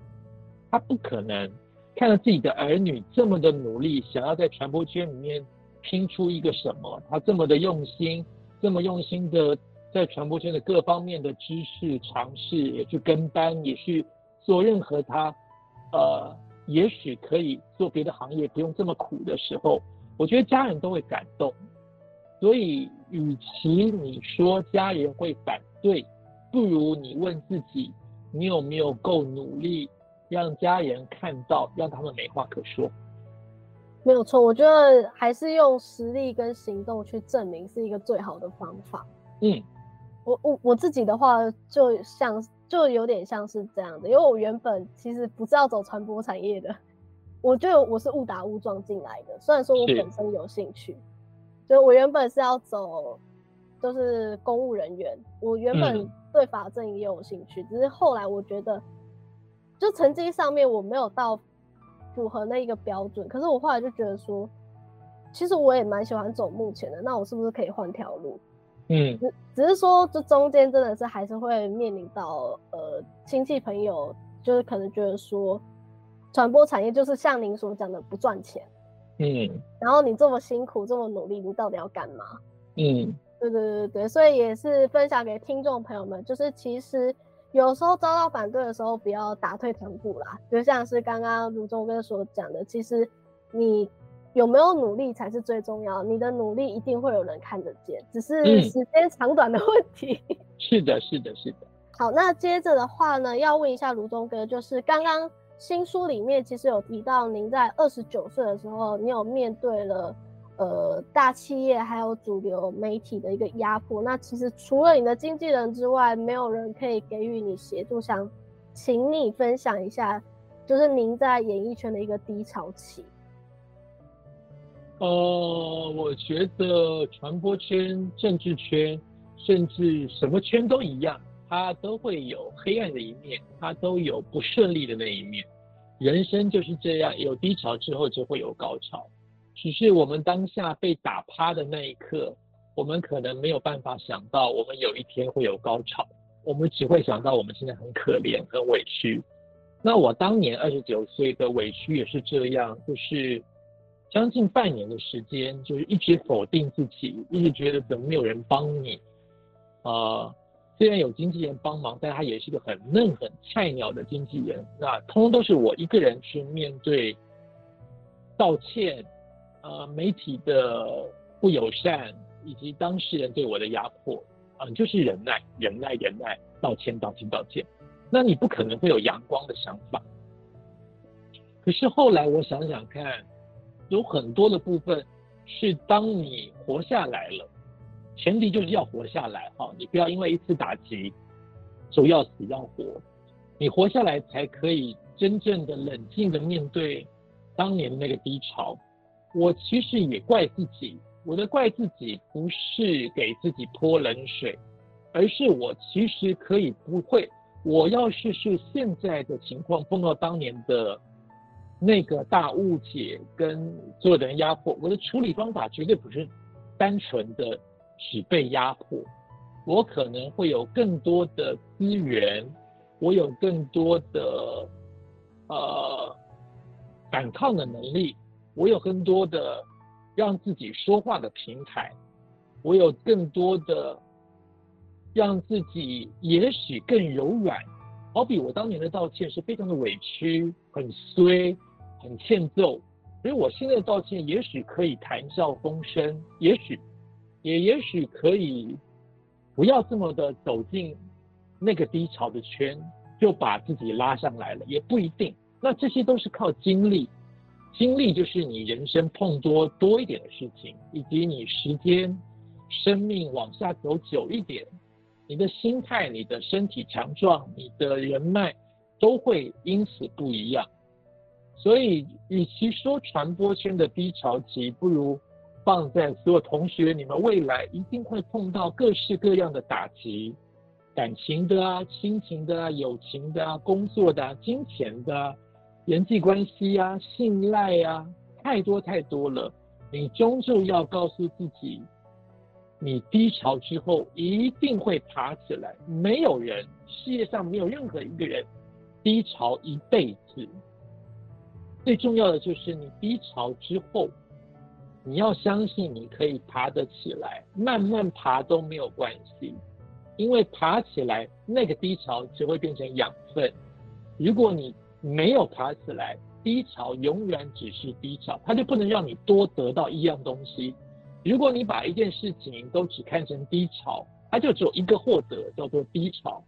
他不可能看到自己的兒女這麼的努力，想要在傳播圈裡面。聽出一個什麼？他這麼的用心，這麼用心的在傳播圈的各方面的知識，嘗試也去跟班，也去做任何他，呃，也許可以做別的行業，不用這麼苦的時候，我覺得家人都會感動。所以，與其你說家人會反對，不如你問自己，你有沒有夠努力，讓家人看到，讓他們沒話可說。沒有錯，我覺得還是用實力跟行動去證明是一個最好的方法。嗯，我我我自己的話，就像就有點像是這樣的，因為我原本其實不是要走傳播產業的，我就我是誤打誤撞進來的。雖然說我本身有興趣，是就我原本是要走就是公務人員，我原本對法政也有興趣，嗯，只是後來我覺得就成績上面我沒有到，符合那一個標準，可是我後來就覺得說，其實我也蠻喜歡走目前的，那我是不是可以換條路？嗯，只是說，這中間真的是還是會面臨到呃親戚朋友，就是可能覺得說，傳播產業就是像您所講的不賺錢，嗯，然後你這麼辛苦這麼努力，你到底要幹嘛？嗯，對對對對，所以也是分享給聽眾朋友們，就是其實。有時候遭到反對的時候，不要打退堂鼓啦。就像是剛剛如中哥所講的，其實你有沒有努力才是最重要。你的努力一定會有人看得見，只是時間長短的問題。嗯，是的，是的，是的。好，那接着的話呢，要問一下如中哥，就是剛剛新書裡面其實有提到，您在二十九歲的時候，你有面對了。呃，大企業還有主流媒體的一個壓迫，那其實除了你的經紀人之外，沒有人可以給予你協助。想請你分享一下，就是您在演藝圈的一個低潮期。呃，我覺得傳播圈、政治圈，甚至什麼圈都一樣，它都會有黑暗的一面，它都有不順利的那一面。人生就是這樣，有低潮之後就會有高潮。只是我們當下被打趴的那一刻，我們可能沒有辦法想到，我們有一天會有高潮。我們只會想到我們現在很可憐、很委屈。那我當年二十九歲的委屈也是這樣，就是將近半年的時間，就是一直否定自己，一直覺得怎麼沒有人幫你。啊、呃，雖然有經紀人幫忙，但他也是個很嫩、很菜鳥的經紀人。那通通都是我一個人去面對，道歉。呃，媒體的不友善，以及當事人對我的壓迫，啊、呃，就是忍耐，忍耐，忍耐，道歉，道歉，道歉，道歉。那你不可能會有陽光的想法。可是後來我想想看，有很多的部分是當你活下來了，前提就是要活下來哈、哦，你不要因為一次打擊就要死要活，你活下來才可以真正的冷靜的面對當年那個低潮。我其實也怪自己，我的怪自己不是給自己潑冷水，而是我其實可以不會，我要是是現在的情況碰到當年的那個大誤解跟所有的人壓迫，我的處理方法絕對不是單純的只被壓迫，我可能會有更多的資源，我有更多的呃反抗的能力。我有更多的讓自己說話的平台，我有更多的讓自己也許更柔軟。好比我當年的道歉是非常的委屈，很衰、很欠揍，所以我現在的道歉也許可以談笑風生，也許也也許可以不要這麼的走進那個低潮的圈，就把自己拉上來了，也不一定。那這些都是靠經歷。經歷就是你人生碰多多一點的事情，以及你時間、生命往下走久一點，你的心態、你的身體強壯、你的人脈都會因此不一樣。所以，與其說傳播圈的低潮期，不如放在所有同學，你們未來一定會碰到各式各樣的打擊，感情的啊，親情的啊，友情的啊，工作的啊，金錢的啊。人際關係啊，信賴啊，太多太多了。你終究要告訴自己，你低潮之後一定會爬起來。沒有人，世界上沒有任何一個人低潮一輩子。最重要的就是你低潮之後，你要相信你可以爬得起來，慢慢爬都沒有關係，因為爬起來那個低潮就會變成養分。如果你沒有爬起來，低潮永遠只是低潮，它就不能讓你多得到一樣東西。如果你把一件事情都只看成低潮，它就只有一個獲得，叫做低潮。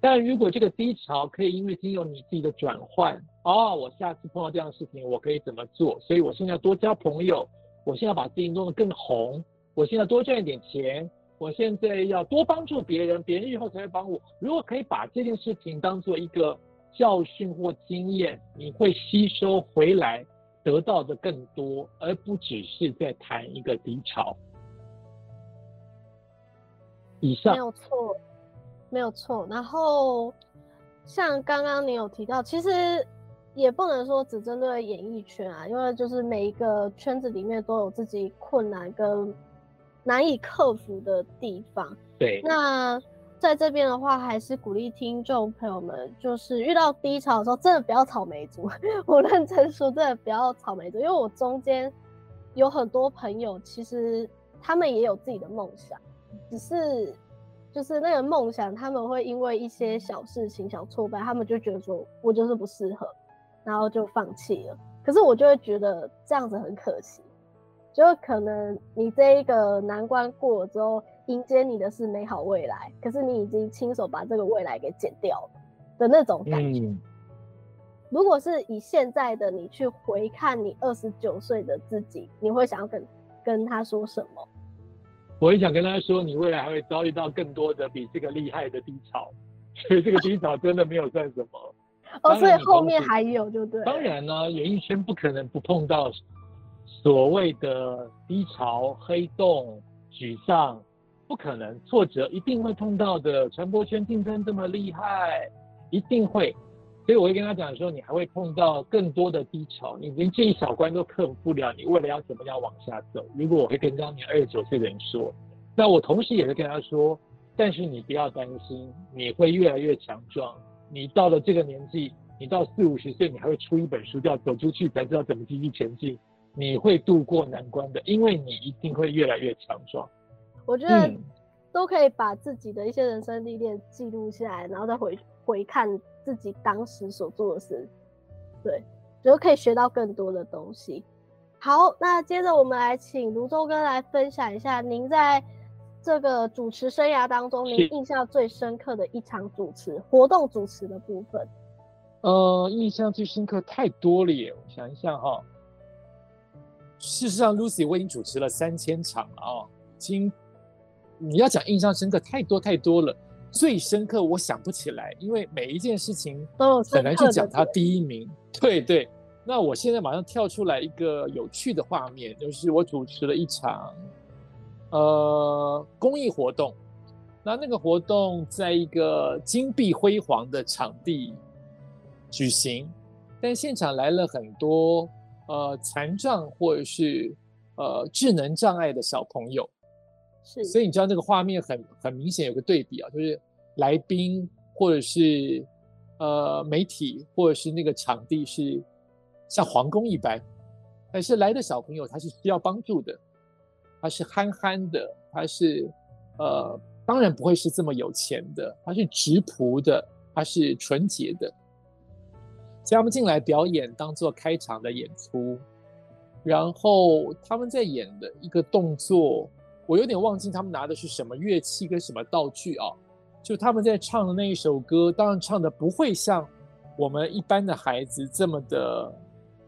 但如果這個低潮可以因為經由你自己的轉換，哦，我下次碰到這樣的事情，我可以怎麼做？所以我現在要多交朋友，我現在要把自己弄得更紅，我現在多賺一點錢，我現在要多幫助別人，別人日後才會幫我。如果可以把這件事情當做一個。教訓或經驗，你會吸收回來，得到的更多，而不只是在談一個低潮。以上。沒有錯，沒有錯。然後，像剛剛你有提到，其實也不能說只針對演藝圈啊，因為就是每一個圈子裡面都有自己困難跟難以克服的地方。對，那。在這邊的話，還是鼓勵聽眾朋友們，就是遇到低潮的時候，真的不要草莓族。我認真說，真的不要草莓族，因為我中間有很多朋友，其實他們也有自己的夢想，只是就是那個夢想，他們會因為一些小事情、小挫敗，他們就覺得說我就是不適合，然後就放棄了。可是我就會覺得這樣子很可惜，就可能你這一個難關過了之後。迎接你的是美好未來，可是你已經親手把這個未來給剪掉了的那種感覺。嗯，如果是以現在的你去回看你二十九歲的自己，你會想要跟跟他說什麼？我也想跟他說，你未來還會遭遇到更多的比這個厲害的低潮，所以這個低潮真的沒有算什麼。 (laughs) 哦，所以後面還有，就對。當然呢，演藝圈不可能不碰到所謂的低潮、黑洞、沮喪。不可能，挫折一定會碰到的。傳播圈競爭這麼厲害，一定會。所以我會跟他講說，你還會碰到更多的低潮，你連這一小關都克服不了你，你為了要怎麼樣往下走？如果我會跟當年二十九歲的人說，那我同時也會跟他說，但是你不要擔心，你會越來越強壯。你到了這個年紀，你到四五十歲，你還會出一本書，叫走出去才知道怎麼繼續前進。你會度過難關的，因為你一定會越來越強壯。我覺得都可以把自己的一些人生歷練記錄下來，嗯、然後再回回看自己當時所做的事，對，就是，可以學到更多的東西。好，那接着我們來請如中哥來分享一下您在這個主持生涯當中，是您印象最深刻的一場主持活動主持的部分？呃，印象最深刻太多了耶，我想一下哈、哦。事實上，Lucy 我已經主持了三千場了哦。請。你要講印象深刻太多太多了，最深刻我想不起來，因為每一件事情、哦、本來就講他第一名。對對、對，那我現在馬上跳出來一個有趣的畫面，就是我主持了一場呃公益活動，那那個活動在一個金碧輝煌的場地舉行，但現場來了很多呃殘障或者是呃智能障礙的小朋友。是所以你知道那個畫面很很明顯有個對比啊，就是來賓或者是呃媒體或者是那個場地是像皇宮一般，但是來的小朋友他是需要幫助的，他是憨憨的，他是呃當然不會是這麼有錢的，他是質樸的，他是純潔的，所以他們進來表演當做開場的演出，然後他們在演的一個動作。我有點忘記他們拿的是什麼樂器跟什麼道具啊！就他們在唱的那一首歌，當然唱的不會像我們一般的孩子這麼的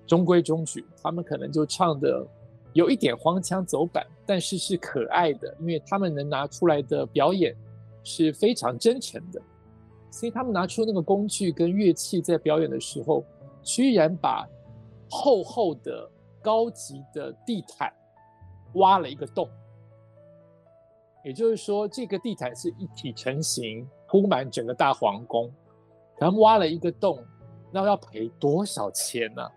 中規中矩，他們可能就唱的有一點荒腔走板，但是是可愛的，因為他們能拿出來的表演是非常真誠的。所以他們拿出那個工具跟樂器在表演的時候，居然把厚厚的高級的地毯挖了一個洞。也就是說，這個地毯是一體成型，鋪滿整個大皇宮，他們挖了一個洞，那要賠多少錢呢？啊？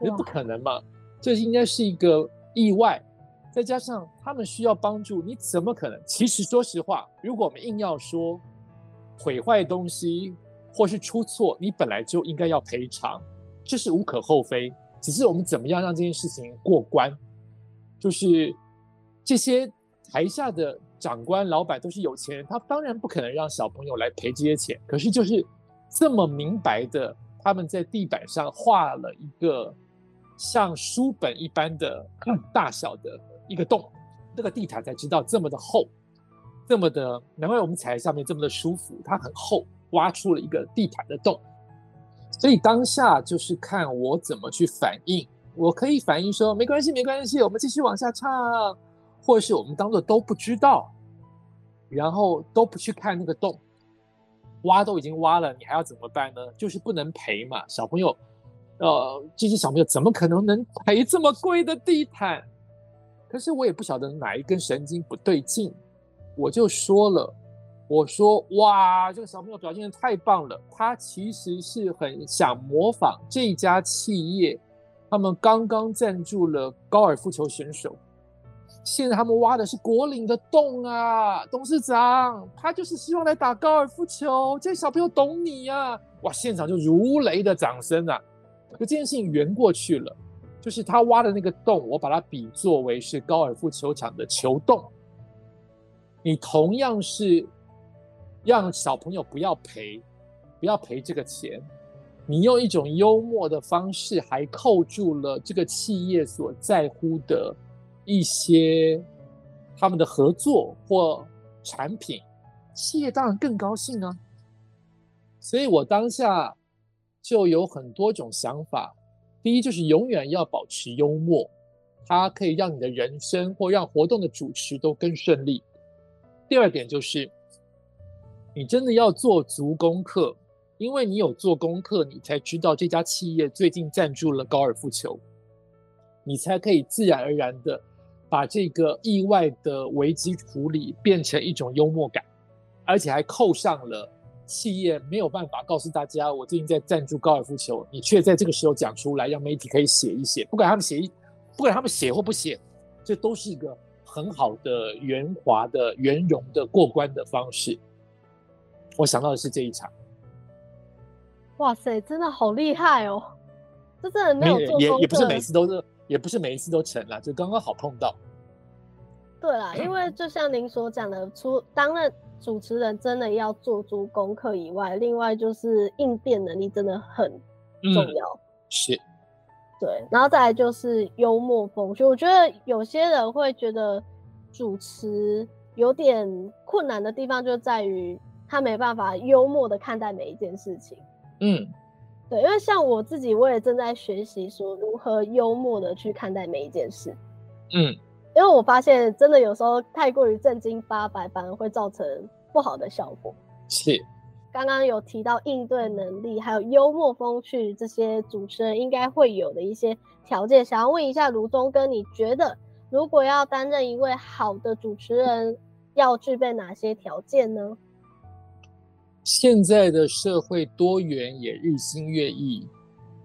那不可能嘛，哇這應該是一個意外，再加上他們需要幫助，你怎麼可能？其實說實話，如果我們硬要說毀壞東西或是出錯，你本來就應該要賠償，這是無可厚非。只是我們怎麼樣讓這件事情過關，就是這些台下的。長官、老闆都是有錢人，他當然不可能讓小朋友來賠這些錢。可是就是這麼明白的，他們在地板上畫了一個像書本一般的大小的一個洞，那、嗯、個地毯才知道這麼的厚，這麼的，難怪我們踩在上面這麼的舒服，它很厚，挖出了一個地毯的洞。所以當下就是看我怎麼去反應，我可以反應說，沒關係，沒關係，我們繼續往下唱。或者是我們當做都不知道，然後都不去看那個洞，挖都已經挖了，你還要怎麼辦呢？就是不能賠嘛。小朋友，呃，這些小朋友怎麼可能能賠這麼貴的地毯？可是我也不曉得哪一根神經不對勁，我就說了，我說哇，這個小朋友表現得太棒了，他其實是很想模仿這一家企業，他們剛剛贊助了高爾夫球選手。現在他們挖的是果嶺的洞啊！董事長，他就是希望來打高爾夫球。這些小朋友懂你呀、啊！哇，現場就如雷的掌聲啊！就這件事情圓過去了。就是他挖的那個洞，我把它比作為是高爾夫球場的球洞。你同樣是讓小朋友不要賠，不要賠這個錢。你用一種幽默的方式，還扣住了這個企業所在乎的。一些他們的合作或產品，企業當然更高興啊。所以我當下就有很多種想法。第一，就是永遠要保持幽默，它可以讓你的人生或讓活動的主持都更順利。第二點就是，你真的要做足功課，因為你有做功課，你才知道這家企業最近贊助了高爾夫球，你才可以自然而然的。把這個意外的危機處理變成一種幽默感，而且還扣上了企業沒有辦法告訴大家，我最近在贊助高爾夫球，你卻在這個時候講出來，讓媒體可以寫一寫，不管他們寫一，不管他們寫或不寫，這都是一個很好的圓滑的、圓融的過關的方式。我想到的是這一場，哇塞，真的好厲害哦，這真的沒有做功課。也，也不是每次都是。也不是每一次都成了，就剛剛好碰到。對啦，因為就像您所講的，除擔任主持人真的要做足功課以外，另外就是應變能力真的很重要。嗯、是。對，然後再來就是幽默風趣。我覺得有些人會覺得主持有點困難的地方就在於他沒辦法幽默地看待每一件事情。嗯。對，因為像我自己，我也正在學習說如何幽默地去看待每一件事。嗯，因為我發現真的有時候太過於正經八百，反而會造成不好的效果。是。剛剛有提到應對能力，還有幽默風趣這些主持人應該會有的一些條件。想要問一下如中哥，你覺得如果要擔任一位好的主持人，要具備哪些條件呢？現在的社會多元也日新月異，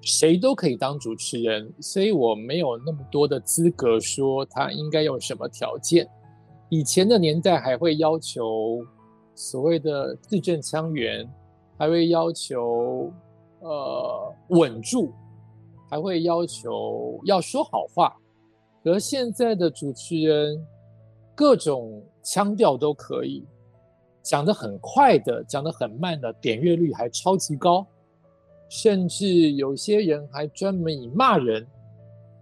誰都可以當主持人，所以我沒有那麼多的資格說他應該有什麼條件。以前的年代還會要求所謂的字正腔圓，還會要求呃穩住，還會要求要說好話，而現在的主持人各種腔調都可以。講得很快的，講得很慢的，點閱率還超級高，甚至有些人還專門以罵人、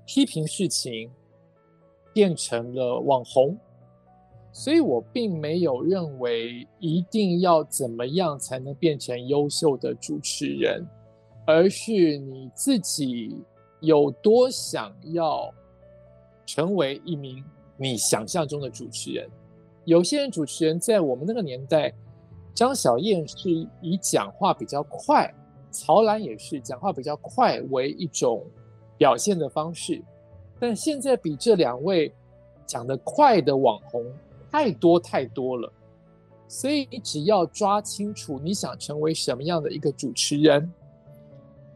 批評事情，變成了網紅。所以我並沒有認為一定要怎麼樣才能變成優秀的主持人，而是你自己有多想要成為一名你想象中的主持人。有些人主持人在我們那個年代，張小燕是以講話比較快，曹蘭也是講話比較快為一種表現的方式。但現在比這兩位講得快的網紅太多太多了，所以你只要抓清楚你想成為什麼樣的一個主持人，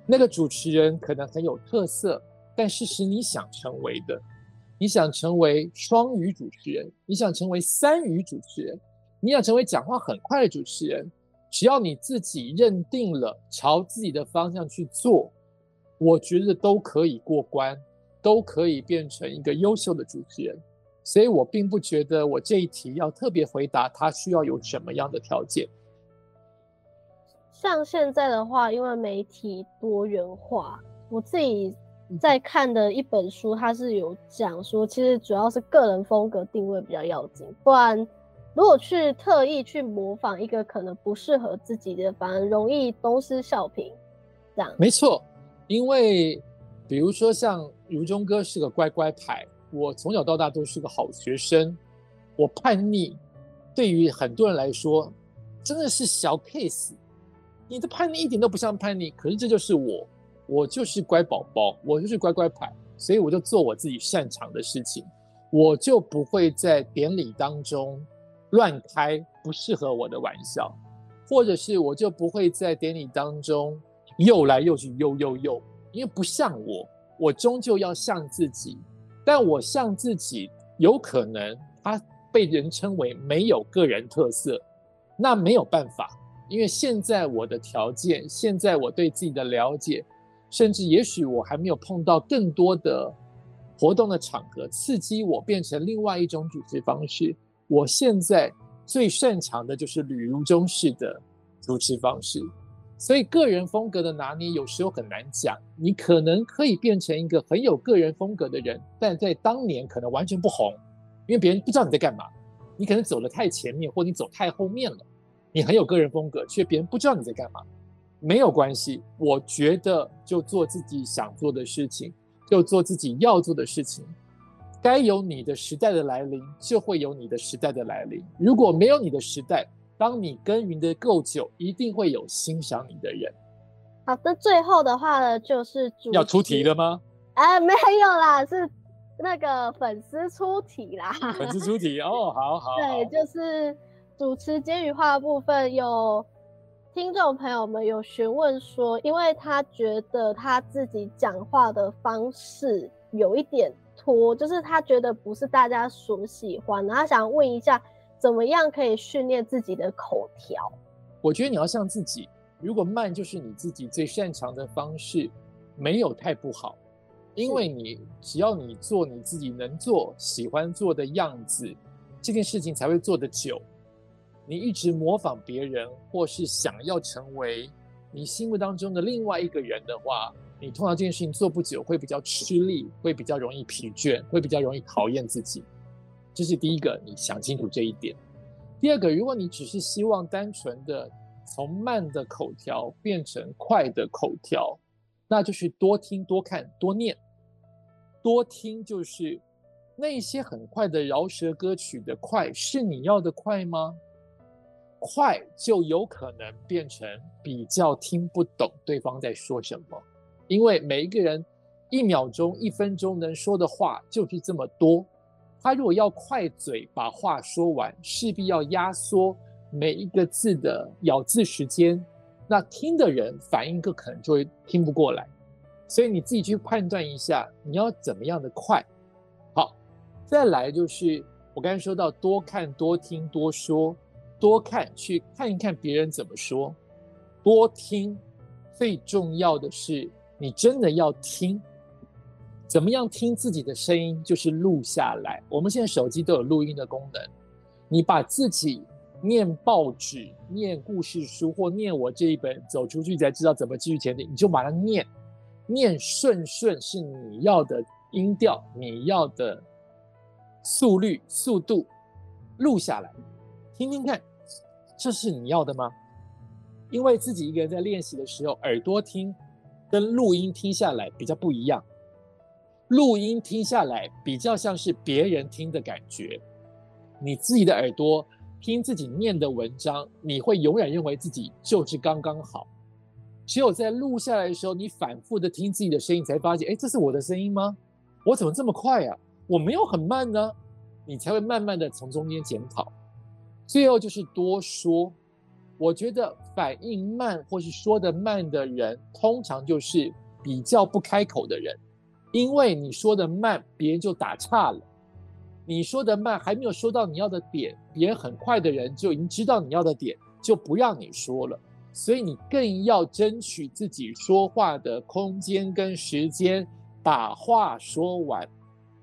那個主持人可能很有特色，但是是你想成為的。你想成為雙語主持人，你想成為三語主持人，你想成為講話很快的主持人，只要你自己認定了，朝自己的方向去做，我覺得都可以過關，都可以變成一個優秀的主持人。所以我並不覺得我這一題要特別回答他需要有什麼樣的條件。像現在的話，因為媒體多元化，我自己。在看的一本書，它是有講說，其實主要是個人風格定位比較要緊，不然如果去特意去模仿一個可能不適合自己的，反而容易東施效顰。這樣，沒錯。因為比如說，像如中哥是個乖乖牌，我從小到大都是個好學生，我叛逆，對於很多人來說，真的是小 case。你的叛逆一點都不像叛逆，可是這就是我。我就是乖寶寶，我就是乖乖牌，所以我就做我自己擅長的事情，我就不會在典禮當中亂開不適合我的玩笑，或者是我就不會在典禮當中又來又去又又又，因為不像我，我終究要像自己，但我像自己，有可能他被人稱為沒有個人特色，那沒有辦法，因為現在我的條件，現在我對自己的了解。甚至也許我還沒有碰到更多的活動的場合，刺激我變成另外一種主持方式。我現在最擅長的就是呂如中式的主持方式，所以個人風格的拿捏有時候很難講。你可能可以變成一個很有個人風格的人，但在當年可能完全不紅，因為別人不知道你在幹嘛。你可能走得太前面，或者你走太後面了，你很有個人風格，卻別人不知道你在幹嘛。沒有關係，我覺得就做自己想做的事情，就做自己要做的事情。該有你的時代的來臨，就會有你的時代的來臨。如果沒有你的時代，當你耕耘的夠久，一定會有欣賞你的人。好，那最後的話呢，就是要出題了嗎？誒，沒有啦，是那個粉絲出題啦。粉絲出題哦，好好好。對，就是主持接語話的部分有。聽眾朋友們有詢問說，因為他覺得他自己講話的方式有一點拖，就是他覺得不是大家所喜歡的，然後他想問一下，怎麼樣可以訓練自己的口條？我覺得你要像自己，如果慢就是你自己最擅長的方式，沒有太不好，因為你是只要你做你自己能做、喜歡做的樣子，這件事情才會做得久。你一直模仿別人，或是想要成為你心目當中的另外一個人的話，你通常這件事情做不久，會比較吃力，會比較容易疲倦，會比較容易討厭自己。這是第一個，你想清楚這一點。第二個，如果你只是希望單純的從慢的口條變成快的口條，那就是多聽多看多念。多聽就是那些很快的饒舌歌曲的快，是你要的快嗎？快就有可能變成比較聽不懂對方在說什麼，因為每一個人一秒鐘、一分鐘能說的話就是這麼多，他如果要快嘴把話說完，勢必要壓縮每一個字的咬字時間，那聽的人反應個可能就會聽不過來，所以你自己去判斷一下你要怎麼樣的快。好，再來就是我剛才說到多看、多聽、多說。多看，去看一看別人怎麼說；多聽，最重要的是你真的要聽。怎麼樣聽自己的聲音？就是錄下來。我們現在手機都有錄音的功能，你把自己念報紙、念故事書或念我這一本《走出去》，才知道怎麼繼續前進。你就把它念，念順順是你要的音調，你要的速率、速度，錄下來，聽聽看。這是你要的嗎？因為自己一個人在練習的時候，耳朵聽跟錄音聽下來比較不一樣。錄音聽下來比較像是別人聽的感覺，你自己的耳朵聽自己念的文章，你會永遠認為自己就是剛剛好。只有在錄下來的時候，你反覆的聽自己的聲音，才發現，誒，這是我的聲音嗎？我怎麼這麼快啊？我沒有很慢呢？你才會慢慢的從中間檢討。最後就是多說，我覺得反應慢或是說得慢的人，通常就是比較不開口的人，因為你說得慢，別人就打岔了；你說得慢，還沒有說到你要的點，別人很快的人就已經知道你要的點，就不讓你說了。所以你更要爭取自己說話的空間跟時間，把話說完。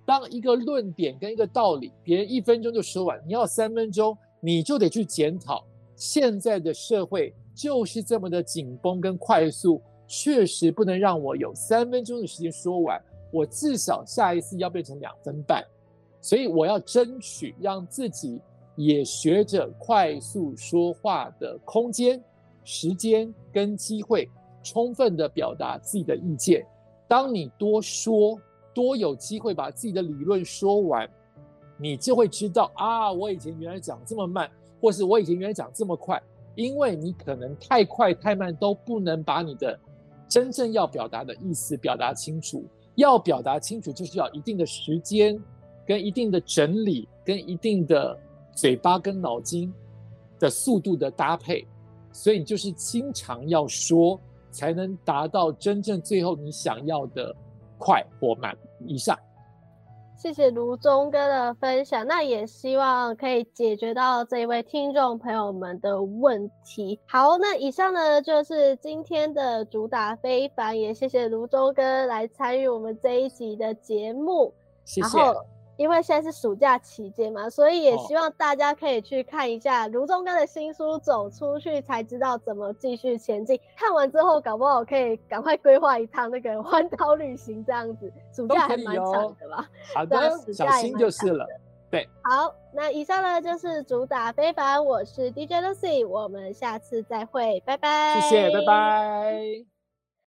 當一個論點跟一個道理，別人一分鐘就說完，你要三分鐘。你就得去檢討，現在的社會就是這麼的緊繃跟快速，確實不能讓我有三分鐘的時間說完，我至少下一次要變成兩分半。所以我要爭取讓自己也學着快速說話的空間、時間跟機會，充分的表達自己的意見。當你多說，多有機會把自己的理論說完。你就會知道啊，我以前原來講這麼慢，或是我以前原來講這麼快，因為你可能太快太慢都不能把你的真正要表達的意思表達清楚。要表達清楚，就是要一定的時間，跟一定的整理，跟一定的嘴巴跟腦筋的速度的搭配。所以你就是經常要說，才能達到真正最後你想要的快或慢。以上。謝謝如中哥的分享，那也希望可以解決到這一位聽眾朋友們的問題。好，那以上呢，就是今天的主打非凡，也謝謝如中哥來參與我們這一集的節目，謝謝。然後因為現在是暑假期間嘛，所以也希望大家可以去看一下呂如中的新書《走出去才知道怎麼繼續前進》。看完之後，搞不好可以趕快規劃一趟那個環島旅行，這樣子。暑假還蠻長的吧、哦。好的，的小心就是了。對，好，那以上呢，就是主打非凡，我是 DJ Lucy，我們下次再會，拜拜。謝謝，拜拜。